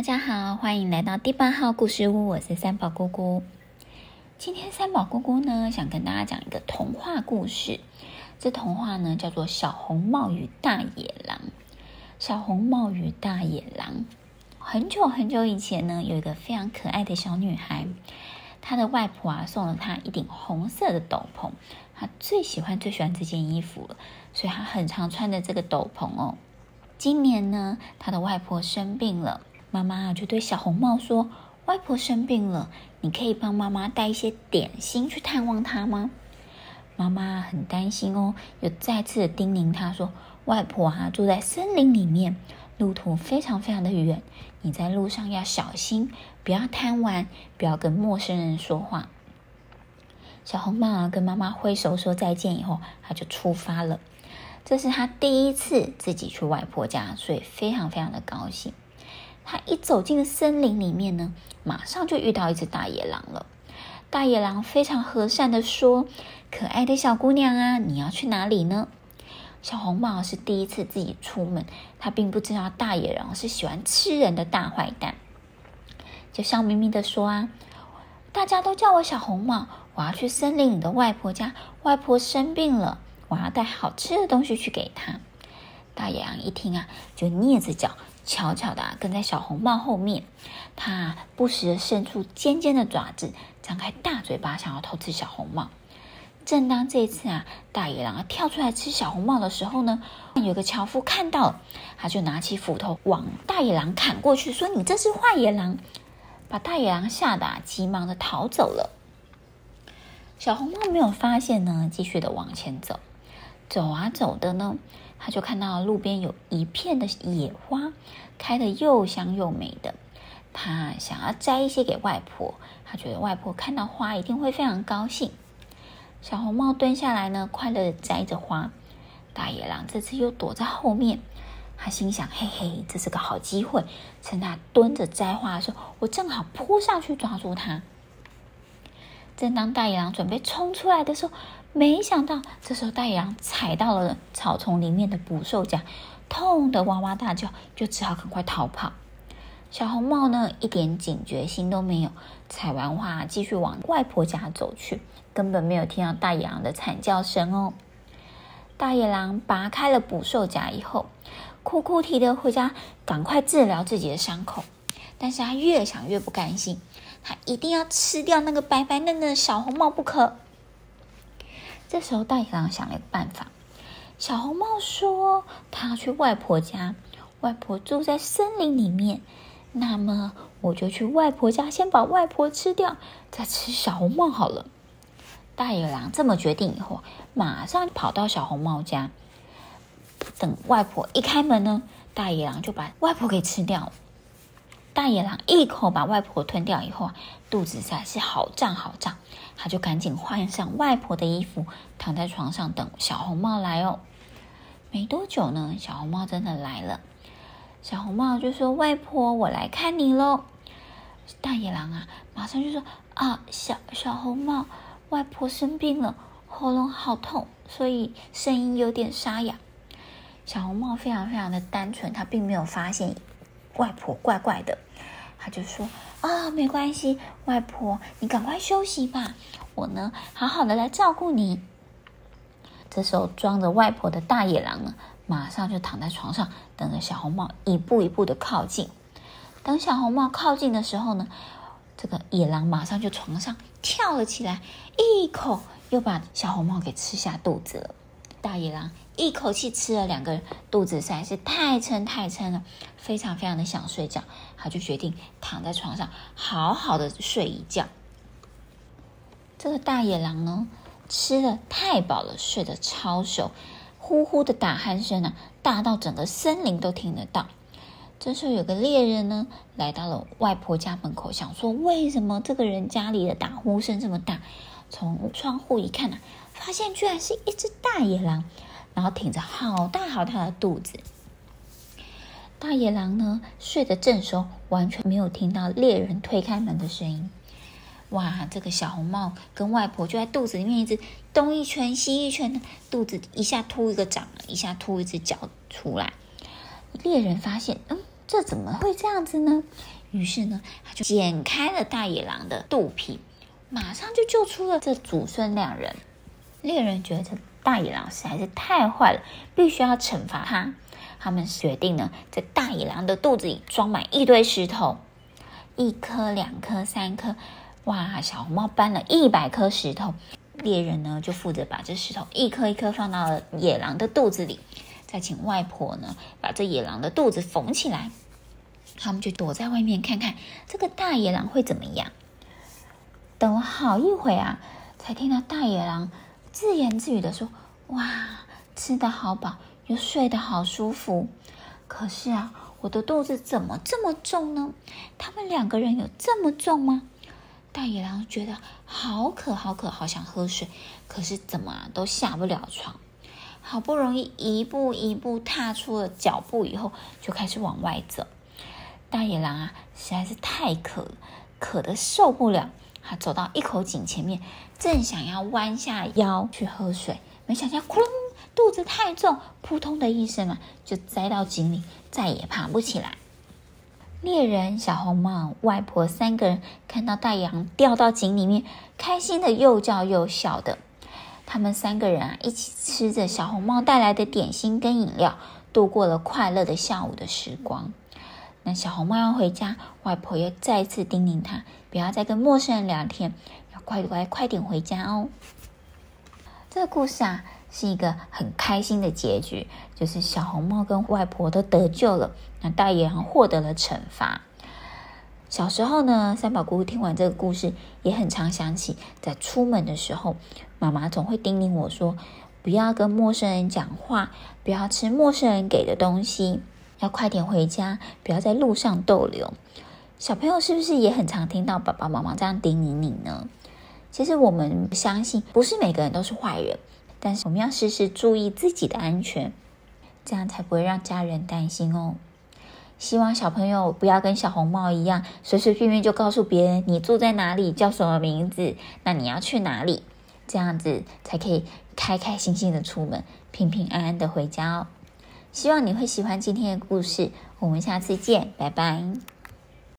大家好，歡迎來到第八號故事屋。我是三寶姑姑。今天三寶姑姑呢，想跟大家講一個童話故事。這童話呢叫做《小紅帽與大野狼》。小紅帽與大野狼。很久很久以前呢，有一個非常可愛的小女孩，她的外婆啊送了她一頂紅色的斗篷。她最喜歡最喜歡這件衣服了，所以她很常穿的這個斗篷哦。今年呢，她的外婆生病了。媽媽就對小紅帽說：“外婆生病了，你可以幫媽媽帶一些點心去探望她嗎？”媽媽很擔心哦，又再次叮嚀她說：“外婆啊，住在森林裡面，路途非常非常的遠，你在路上要小心，不要貪玩，不要跟陌生人說話。”小紅帽跟媽媽揮手說再見以後，她就出發了。這是她第一次自己去外婆家，所以非常非常的高興。他一走進森林裡面呢，馬上就遇到一隻大野狼了。大野狼非常和善地說：“可愛的小姑娘啊，你要去哪裡呢？”小紅帽是第一次自己出門，她並不知道大野狼是喜歡吃人的大壞蛋，就笑眯眯地說：“啊，大家都叫我小紅帽，我要去森林裡的外婆家，外婆生病了，我要帶好吃的東西去給她。”大野狼一聽啊，就躡着腳。悄悄的跟在小紅帽後面，它、啊、不時伸出尖尖的爪子，張開大嘴巴，想要偷吃小紅帽。正當這一次啊，大野狼、啊、跳出來吃小紅帽的時候呢，有個樵夫看到了，他就拿起斧頭往大野狼砍過去，說：“你這隻壞野狼！”把大野狼嚇得、啊、急忙的逃走了。小紅帽沒有發現呢，繼續的往前走，走啊走的呢。他就看到路邊有一片的野花，開得又香又美的。他想要摘一些給外婆，他覺得外婆看到花一定會非常高興。小紅帽蹲下來呢，快樂的摘着花。大野狼這次又躲在後面，他心想：嘿嘿，這是個好機會，趁他蹲着摘花的時候，我正好撲上去抓住他。正當大野狼準備衝出來的時候，沒想到，這時候大野狼踩到了草叢裡面的捕獸夾，痛得哇哇大叫，就只好趕快逃跑。小紅帽呢，一點警覺心都沒有，採完花繼續往外婆家走去，根本沒有聽到大野狼的慘叫聲哦。大野狼拔開了捕獸夾以後，哭哭啼啼的回家，趕快治療自己的傷口。但是他越想越不甘心，他一定要吃掉那個白白嫩嫩的小紅帽不可。這時候，大野狼想了一個辦法。小紅帽說：“他要去外婆家，外婆住在森林裡面。那麼，我就去外婆家，先把外婆吃掉，再吃小紅帽好了。”大野狼這麼決定以後，馬上跑到小紅帽家。等外婆一開門呢，大野狼就把外婆給吃掉了。大野狼一口把外婆吞掉以後啊，肚子才是好脹好脹，他就趕緊換上外婆的衣服，躺在床上等小紅帽來哦。沒多久呢，小紅帽真的來了。小紅帽就說：“外婆，我來看你嘍。”大野狼啊，馬上就說：“啊，小小紅帽，外婆生病了，喉嚨好痛，所以聲音有點沙啞。”小紅帽非常非常的單純，她並沒有發現。外婆怪怪的，她就說：“啊、哦，沒關係，外婆，你趕快休息吧，我呢，好好的來照顧你。”這時候，裝着外婆的大野狼呢，馬上就躺在床上，等着小紅帽一步一步的靠近。等小紅帽靠近的時候呢，這個野狼馬上就床上跳了起來，一口又把小紅帽給吃下肚子了。大野狼一口氣吃了兩個，肚子實在是太撐太撐了，非常非常的想睡覺，他就決定躺在床上好好的睡一覺。這個大野狼呢，吃的太飽了，睡得超熟，呼呼的打鼾聲啊，大到整個森林都聽得到。這時候有個獵人呢，來到了外婆家門口，想說為什麼這個人家裡的打呼聲這麼大？從窗戶一看，啊發現居然是一隻大野狼，然後挺着好大好大的肚子。大野狼呢，睡得正熟，完全沒有聽到獵人推開門的聲音。哇！這個小紅帽跟外婆就在肚子裡面，一直東一圈西一圈的，肚子一下突一個掌了，一下突一隻腳出來。獵人發現，嗯，這怎麼會這樣子呢？於是呢，他就剪開了大野狼的肚皮，馬上就救出了這祖孫兩人。獵人覺得這大野狼實在是太壞了，必須要懲罰他。他們決定呢，在大野狼的肚子裡裝滿一堆石頭，一顆、兩顆、三顆。哇！小紅帽搬了一百顆石頭，獵人呢就負責把這石頭一顆一顆放到野狼的肚子裡，再請外婆呢把這野狼的肚子縫起來。他們就躲在外面看看這個大野狼會怎麼樣。等了好一會兒啊，才聽到大野狼。自言自語地說：“哇，吃得好飽，又睡得好舒服。可是啊，我的肚子怎麼這麼重呢？他們兩個人有這麼重嗎？”大野狼覺得好渴，好渴，好想喝水，可是怎麼、啊、都下不了床。好不容易一步一步踏出了腳步以後，就開始往外走。大野狼啊，實在是太渴，渴得受不了。他走到一口井前面，正想要彎下腰去喝水，沒想到咕肚子太重，撲通的一聲就栽到井裡，再也爬不起來。獵人、小紅帽、外婆三個人看到大野狼掉到井裡面，開心的又叫又笑的。他們三個人啊，一起吃着小紅帽帶來的點心跟飲料，度過了快樂的下午的時光。那小紅帽要回家，外婆又再次叮嚀她。不要再跟陌生人聊天，要乖乖快點回家哦。這個故事啊，是一個很開心的結局，就是小紅帽跟外婆都得救了，那大野狼獲得了懲罰。小時候呢，三寶姑姑聽完這個故事，也很常想起，在出門的時候，媽媽總會叮嚀我說，不要跟陌生人講話，不要吃陌生人給的東西，要快點回家，不要在路上逗留。小朋友是不是也很常聽到爸爸媽媽這樣叮嚀你，你呢？其實我們相信，不是每個人都是壞人，但是我們要時時注意自己的安全，這樣才不會讓家人擔心哦。希望小朋友不要跟小紅帽一樣，隨隨便便就告訴別人你住在哪裡、叫什麼名字、那你要去哪裡，這樣子才可以開開心心的出門，平平安安的回家哦。希望你會喜歡今天的故事，我們下次見，拜拜。